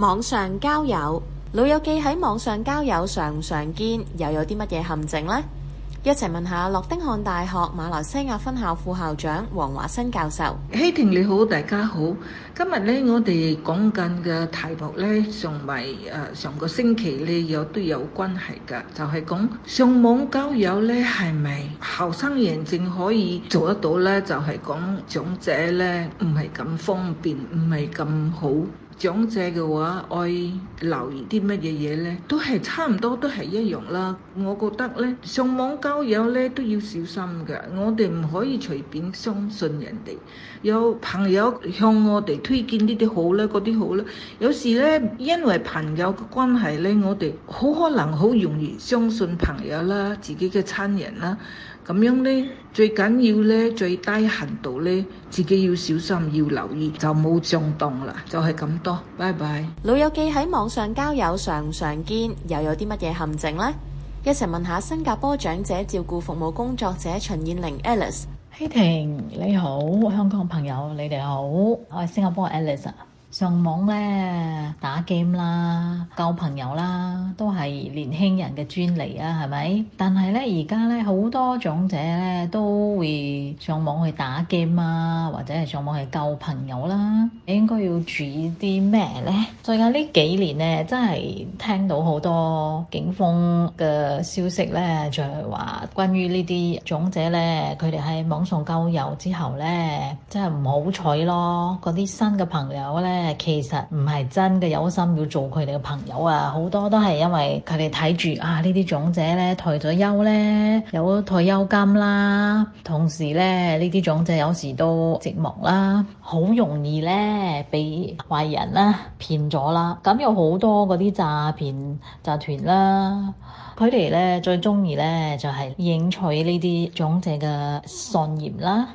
網上交友，老友記喺網上交友常唔常見，又有啲乜嘢陷阱呢？一齊問下諾丁漢大學馬來西亞分校副校長黃華新教授。希婷你好，大家好，今日呢，我哋講緊嘅題目呢，同埋誒上個星期呢，有都有關係噶，就係、是、講上網交友呢，係咪後生人淨可以做得到呢？就係講長者呢，唔係咁方便，唔係咁好。長者嘅話，愛留意啲乜嘢嘢咧？都係差唔多都係一樣啦。我覺得咧，上網交友咧都要小心嘅，我哋唔可以隨便相信人哋。有朋友向我哋推薦呢啲好咧，嗰啲好咧，有時咧因為朋友嘅關係咧，我哋好可能好容易相信朋友啦，自己嘅親人啦。咁樣呢，最緊要呢，最低限度呢，自己要小心，要留意，就冇上當啦。就係、是、咁多，拜拜。老友記喺網上交友常唔常見？又有啲乜嘢陷阱呢？一齊問下新加坡長者照顧服務工作者陳燕玲 Alice。希婷、hey、你好，香港朋友你哋好，我係新加坡 Alice。上網咧打 game 啦、交朋友啦，都係年輕人嘅專利啊，係咪？但係咧，而家咧好多長者咧都會上網去打 game 啊，或者係上網去交朋友啦。應該要注意啲咩咧？最近呢幾年咧，真係聽到好多警方嘅消息咧，就係話關於呢啲長者咧，佢哋喺網上交友之後咧，真係唔好彩咯，嗰啲新嘅朋友咧～其實唔係真嘅，有心要做佢哋嘅朋友啊！好多都係因為佢哋睇住啊，種呢啲長者咧退咗休咧，有退休金啦，同時咧呢啲長者有時都寂寞啦，好容易咧被壞人啦騙咗啦。咁有好多嗰啲詐騙集團啦，佢哋咧最中意咧就係、是、應取呢啲長者嘅信任啦。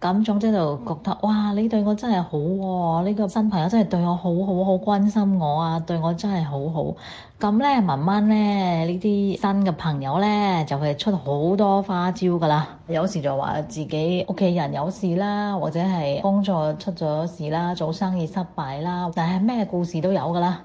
咁總之就覺得哇！你對我真係好喎，啊，呢、呢個新朋友真係對我好好，好好關心我啊，對我真係好好。咁咧，慢慢咧，呢啲新嘅朋友咧，就係出好多花招噶啦。有時就話自己屋企人有事啦，或者係工作出咗事啦，做生意失敗啦，但係咩故事都有噶啦。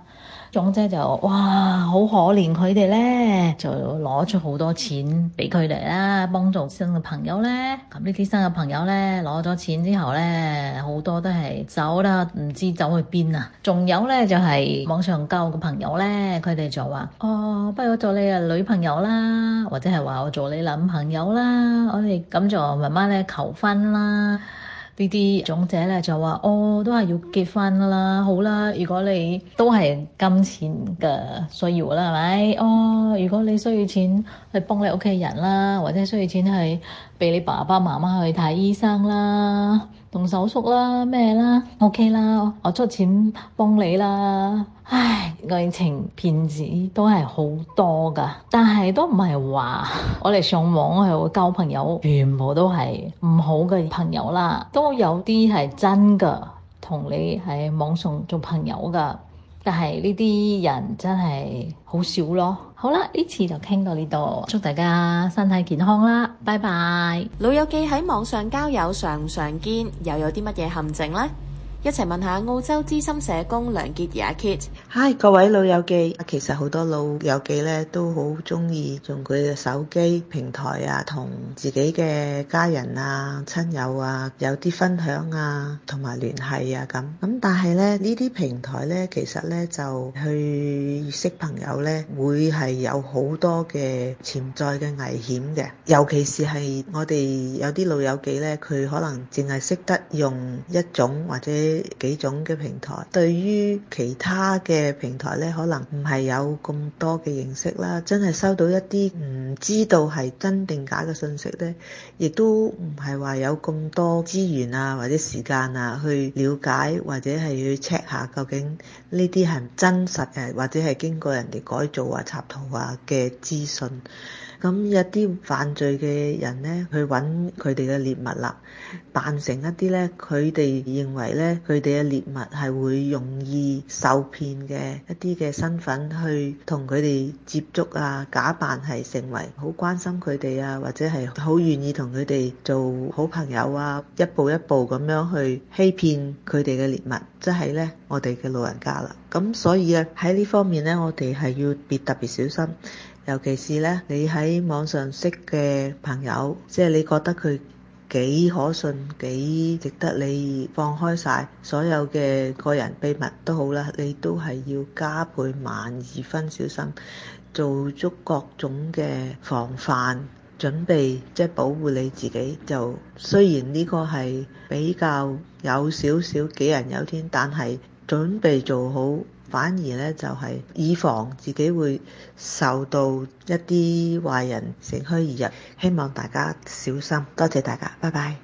總之就哇，好可憐佢哋咧，就攞出好多錢俾佢哋啦，幫助新嘅朋友咧。咁呢啲新嘅朋友咧，攞咗錢之後咧，好多都係走啦，唔知走去邊啊。仲有咧，就係網上交嘅朋友咧，佢哋。就話哦，不如我做你嘅女朋友啦，或者係話我做你男朋友啦，我哋咁就慢慢咧求婚啦。種呢啲總者咧就話哦，都係要結婚啦，好啦。如果你都係金錢嘅需要啦，係咪哦？如果你需要錢去幫你屋企人啦，或者需要錢去俾你爸爸媽媽去睇醫生啦。做手術啦，咩啦，OK 啦，我出錢幫你啦。唉，愛情騙子都係好多㗎，但係都唔係話我哋上網去交朋友，全部都係唔好嘅朋友啦，都有啲係真㗎，同你喺網上做朋友㗎。但係呢啲人真係好少咯。好啦，呢次就傾到呢度，祝大家身體健康啦，拜拜。老友記喺網上交友常唔常見，又有啲乜嘢陷阱呢？一齊問一下澳洲資深社工梁潔儀阿 Kit。嗨，Hi，各位老友記啊，其實好多老友記咧都好中意用佢嘅手機平台啊，同自己嘅家人啊、親友啊有啲分享啊，同埋聯繫啊咁。咁但係咧呢啲平台咧，其實咧就去識朋友咧，會係有好多嘅潛在嘅危險嘅，尤其是係我哋有啲老友記咧，佢可能淨係識得用一種或者幾種嘅平台，對於其他嘅。嘅平台咧，可能唔係有咁多嘅認識啦。真係收到一啲唔知道係真定假嘅信息咧，亦都唔係話有咁多資源啊，或者時間啊，去了解或者係去 check 下究竟呢啲係唔真實嘅，或者係經過人哋改造啊、插圖啊嘅資訊。咁一啲犯罪嘅人呢，去揾佢哋嘅獵物啦，扮成一啲呢，佢哋認為呢，佢哋嘅獵物係會容易受騙嘅一啲嘅身份去同佢哋接觸啊，假扮係成為好關心佢哋啊，或者係好願意同佢哋做好朋友啊，一步一步咁樣去欺騙佢哋嘅獵物，即係呢，我哋嘅老人家啦。咁所以啊，喺呢方面呢，我哋係要別特別小心。尤其是咧，你喺網上識嘅朋友，即係你覺得佢幾可信、幾值得你放開晒所有嘅個人秘密都好啦，你都係要加倍萬二分小心，做足各種嘅防範準備，即係保護你自己。就雖然呢個係比較有少少杞人憂天，但係，準備做好，反而呢，就係以防自己會受到一啲壞人乘虛而入，希望大家小心。多謝大家，拜拜。